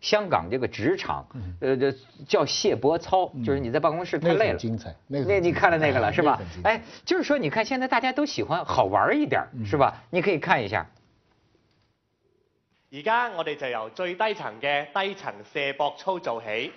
香港這個職場，呃，叫卸膊操，嗯、就是你在辦公室太累了。嗯那個、精彩，那個、彩你看了那個了、嗯、是吧？哎，就是說，你看現在大家都喜歡好玩一點、嗯、是吧？你可以看一下。而家我哋就由最低層嘅低層卸膊操做起，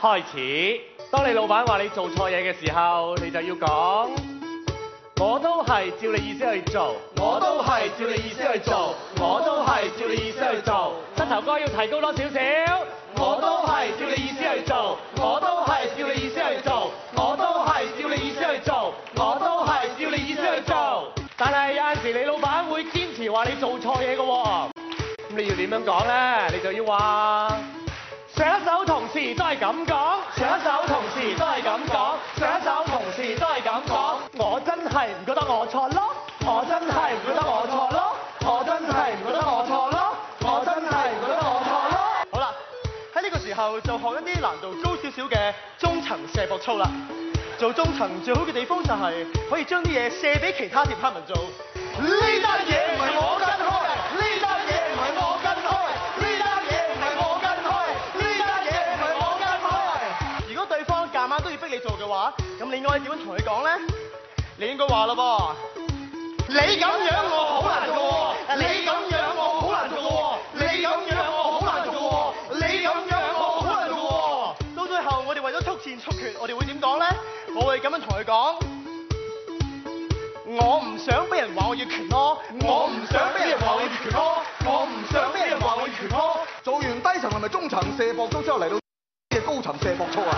開始。當你老闆話你做錯嘢嘅時候，你就要講。我都係照你意思去做，我都係照你意思去做，我都係照你意思去做，膝頭哥要提高多少少？我都係照你意思去做，我都係照你意思去做，我都係照你意思去做，我都係照你意思去做。是去做，但係有陣時你老闆會堅持話你做錯嘢嘅，咁你要點樣講咧？你就要話上一首同事都係咁講，上一首同事都係咁講，上一首同事都係咁講。係唔覺得我錯咯？我真係唔覺得我錯咯？我真係唔覺得我錯咯？我真係唔覺得我錯咯？好啦，喺呢個時候就學一啲難度高少少嘅中層射博操啦。做中層最好嘅地方就係可以將啲嘢射俾其他 team 文做。呢單嘢唔係我跟開，呢單嘢唔係我跟開，呢單嘢唔係我跟開，呢單嘢唔係我跟開。如果對方夾硬都要逼你做嘅話，咁你應該點樣同佢講咧？你應該話啦噃，你咁樣我好難做，你咁樣我好難做，你咁樣我好難做，你咁樣我好難做。到最後我哋為咗速戰速決，我哋會點講咧？我會咁樣同佢講，我唔想俾人話我要權咯，我唔想俾人話我要權咯，我唔想俾人話我要權咯。做完低層係咪中層射博，都之後嚟到嘅高層射博錯啊？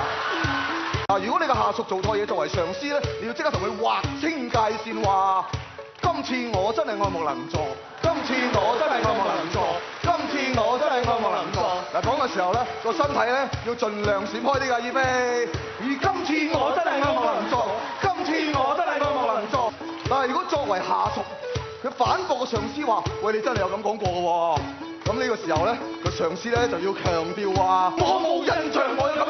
嗱，如果你嘅下屬做錯嘢，作為上司咧，你要即刻同佢劃清界線，話今次我真係愛莫能助，今次我真係愛莫能助，今次我真係愛莫能助。嗱，講嘅時候咧，個身體咧要盡量閃開啲噶，依飛，而今次我真係愛莫能助，今次我真係愛莫能助。但係如果作為下屬，佢反駁個上司話，喂，你真係有咁講過噶？咁呢個時候咧，個上司咧就要強調話，我冇印象我有咁。